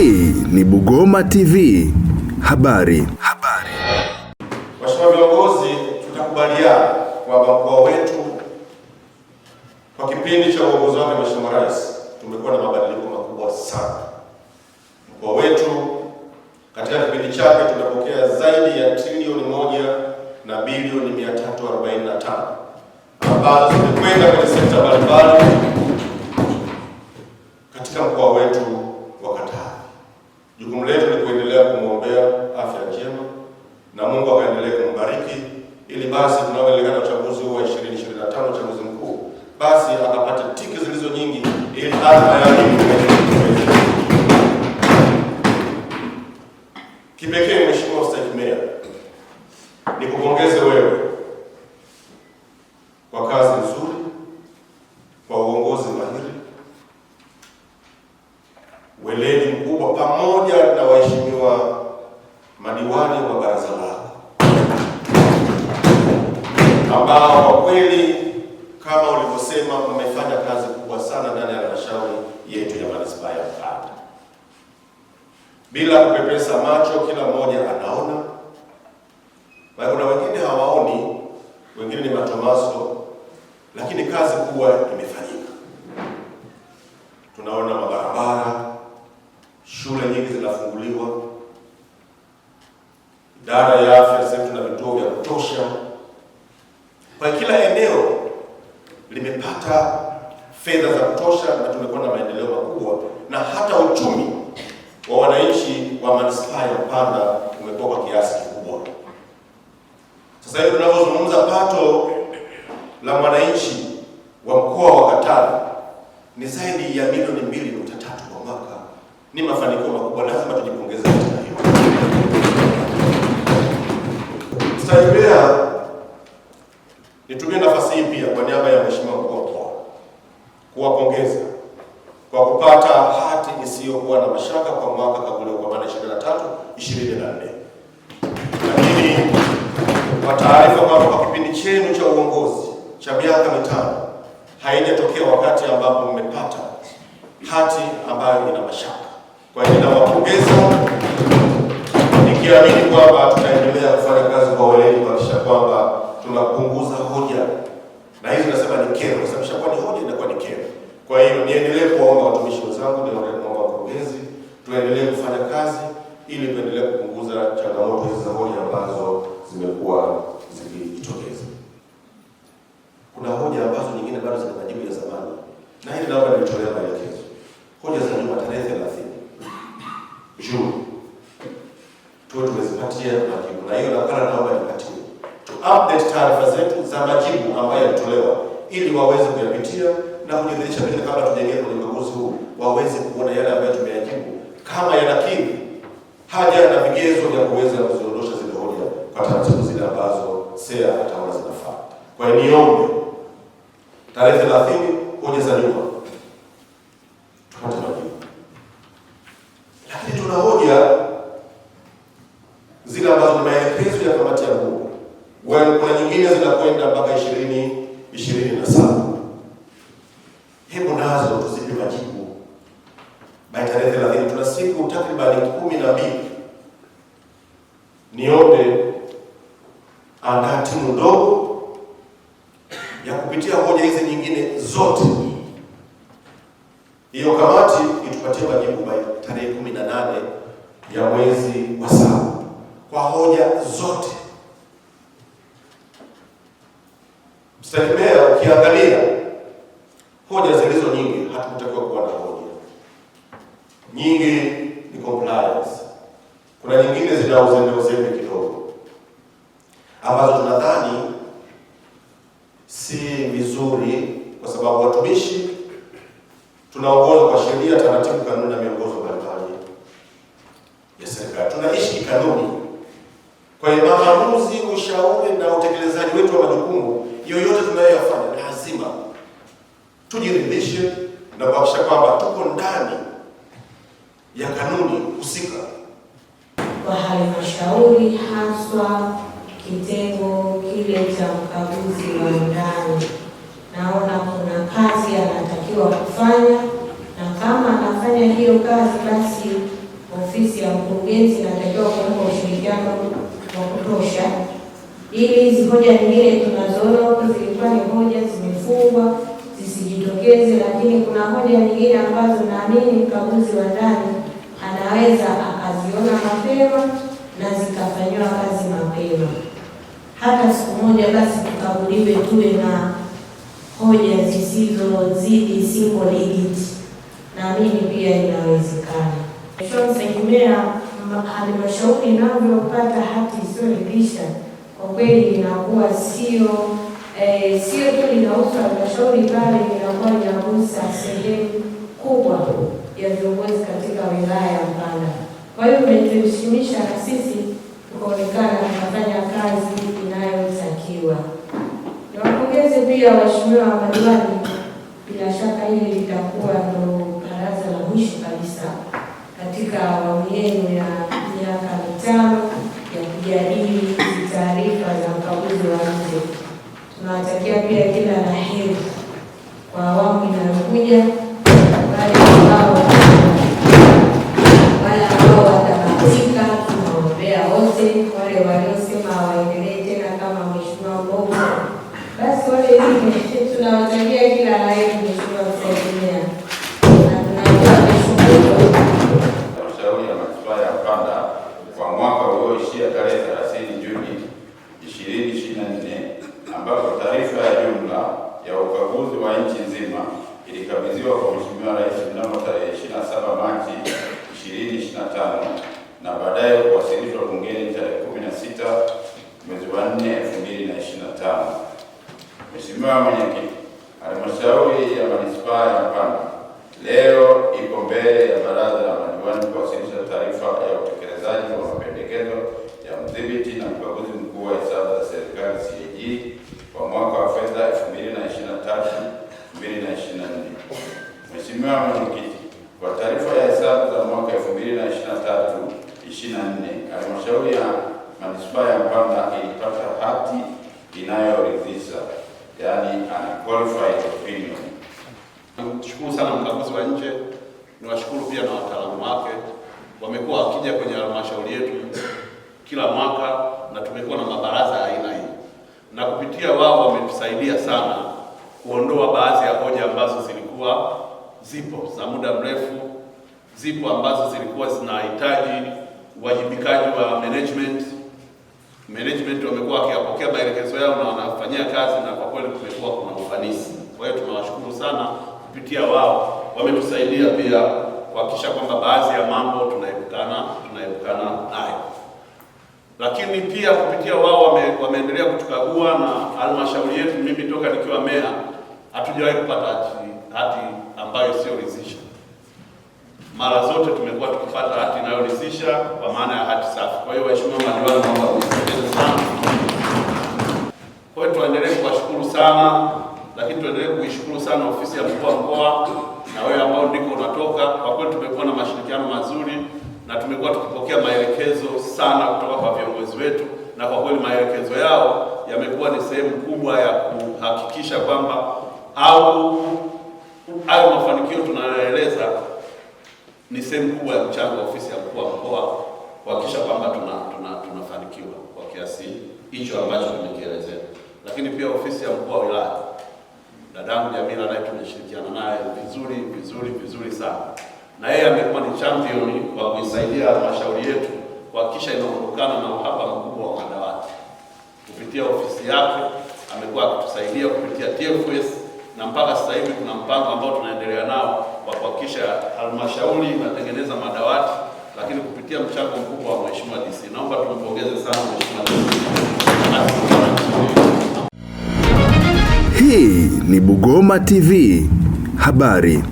Hii ni Bugoma TV. Habari. Habari. Waheshimiwa viongozi, tutakubaliana kwamba mkoa wetu kwa kipindi cha uongozi wake Mheshimiwa Rais tumekuwa na mabadiliko makubwa sana. Mkoa wetu katika kipindi chake tumepokea zaidi ya trilioni moja na bilioni 345 ambazo zimekwenda kwenye sekta mbalimbali na Mungu akaendelee kumbariki ili basi tunaoelekea na uchaguzi huu wa 2025 uchaguzi mkuu, basi akapate tiki zilizo nyingi ili adha ya wanaosema mmefanya kazi kubwa sana ndani ya halmashauri yetu ya manispaa ya Mkata. Bila kupepesa macho, kila mmoja anaona. Kuna wengine hawaoni, wengine ni matomaso, lakini kazi kubwa imefanyika. Tunaona mabarabara, shule nyingi zinafunguliwa, idara ya afya, sasa tuna vituo vya kutosha kwa kila eneo limepata fedha za kutosha na tumekuwa na maendeleo makubwa, na hata uchumi wa wananchi wa manispaa ya Mpanda umekuwa kwa kiasi kikubwa. Sasa hivi tunavyozungumza pato la mwananchi wa mkoa wa Katavi ni zaidi ya milioni mbili nukta tatu kwa mwaka. Ni mafanikio makubwa, lazima tujipongeze katika kuwapongeza kwa kupata hati isiyokuwa na mashaka kwa mwaka kabla kwa maana 23 24. Lakini kwa taarifa kwamba kwa kipindi chenu cha uongozi cha miaka mitano haijatokea wakati ambapo mmepata hati ambayo ina mashaka. Kwa hiyo nawapongeza nikiamini kwamba tutaendelea kufanya kazi kwa weledi kuhakikisha kwamba tunapunguza na hizo nasema ni kero, kwa sababu shakuwa ni hoja, inakuwa ni kero. Kwa hiyo niendelee kuwaomba watumishi wenzangu, niendelee kuomba wakurugenzi, tuendelee kufanya kazi ili tuendelee kupunguza changamoto hizi za hoja ambazo zimekuwa zikijitokeza. Kuna hoja ambazo nyingine bado zina majibu ya zamani, na hili naomba nilitolea maelekezo hoja zinapitia kamati ya Mungu, kuna nyingine zinakwenda mpaka ishirini ishirini na saba. Hebu nazo tuzipe majibu bai tarehe thelathini. Tuna siku takribani kumi na mbili. Niombe andaa timu ndogo ya kupitia hoja hizi nyingine zote, hiyo kamati itupatie majibu by tarehe kumi na nane ya mwezi wa saba kwa hoja zote. Mstakimea ukiangalia hoja zilizo nyingi, hatukutakiwa kuwa na hoja nyingi, ni compliance. Kuna nyingine zina uzembe uzembe kidogo, ambazo tunadhani si vizuri, kwa sababu watumishi tunaongozwa kwa sheria, taratibu, kanuni na ushauri na utekelezaji wetu wa majukumu yoyote tunayoyafanya, lazima tujiridhishe na kuhakikisha kwamba tuko ndani ya kanuni husika kwa halmashauri, haswa kitengo kile cha ukaguzi wa ndani Naona kuna kazi anatakiwa kufanya, na kama anafanya hiyo kazi, basi ofisi ya mkurugenzi inatakiwa kuweka ushirikiano wa kutosha ili hizi hoja nyingine tunazoona zilikuwa ni hoja zimefungwa zisijitokeze, lakini kuna hoja nyingine ambazo naamini mkaguzi wa ndani anaweza akaziona mapema na zikafanyiwa kazi mapema. Hata siku moja basi tukaguliwe, tuwe na hoja zisizozidi single digit, naamini pia inawezekana. Mheshimiwa Msaidia, halmashauri inavyopata hati isiyoridhisha kwa kweli linakuwa sio eh, sio tu linahusu halmashauri, bali linakuwa linagusa sehemu kubwa ya viongozi katika wilaya ya Mpanda. Kwa hiyo umetuheshimisha na sisi tukaonekana tunafanya kazi inayotakiwa. Niwapongeze pia waheshimiwa madiwani Mheshimiwa Mwenyekiti, halmashauri ya manispaa ya Mpanda leo ipo mbele ya baraza la madiwani kuwasilisha taarifa ya utekelezaji wa mapendekezo ya mdhibiti na mkaguzi mkuu wa hesabu za serikali CAG and qualified opinion. Nashukuru sana mkaguzi wa nje, niwashukuru pia na wataalamu wake, wamekuwa wakija kwenye halmashauri yetu kila mwaka, na tumekuwa na mabaraza ya aina hii, na kupitia wao wametusaidia sana kuondoa baadhi ya hoja ambazo zilikuwa zipo za muda mrefu, zipo ambazo zilikuwa zinahitaji uwajibikaji wa management management wamekuwa wakiyapokea maelekezo yao na wanafanyia kazi, na kwa kweli kumekuwa kuna ufanisi. Kwa hiyo tunawashukuru sana, kupitia wao wametusaidia pia kuhakikisha kwamba baadhi ya mambo tunaepukana tunaepukana nayo, lakini pia kupitia wao wame, wameendelea kutukagua na halmashauri yetu. Mimi toka nikiwa meya hatujawahi kupata hati, ambayo sio ridhisha. Mara zote tumekuwa tukipata hati inayoridhisha kwa maana ya hati safi. Kwa hiyo waheshimiwa madiwani sana, lakini tuendelee kuishukuru sana ofisi ya mkuu wa mkoa na wewe ambao ndiko unatoka. Kwa kweli tumekuwa na mashirikiano mazuri na tumekuwa tukipokea maelekezo sana kutoka kwa viongozi wetu, na kwa kweli maelekezo yao yamekuwa ni sehemu kubwa ya kuhakikisha kwamba au hayo mafanikio tunayoeleza ni sehemu kubwa ya mchango wa ofisi ya mkuu wa mkoa kuhakikisha kwamba tunafanikiwa tuna, tunafanikiwa kwa kiasi hicho ambacho tumekielezea lakini pia ofisi ya mkuu wa wilaya dadangu Jamila naye tumeshirikiana naye vizuri vizuri vizuri sana, na yeye amekuwa ni champion kwa kuisaidia halmashauri yetu kuhakikisha inaondokana na uhaba mkubwa wa madawati. Kupitia ofisi yake amekuwa akitusaidia kupitia TFS na mpaka sasa hivi kuna mpango ambao tunaendelea nao wa kuhakikisha halmashauri inatengeneza madawati, lakini kupitia mchango mkubwa wa mheshimiwa DC, naomba tumpongeze sana mheshimiwa DC. Hii ni Bugoma TV habari.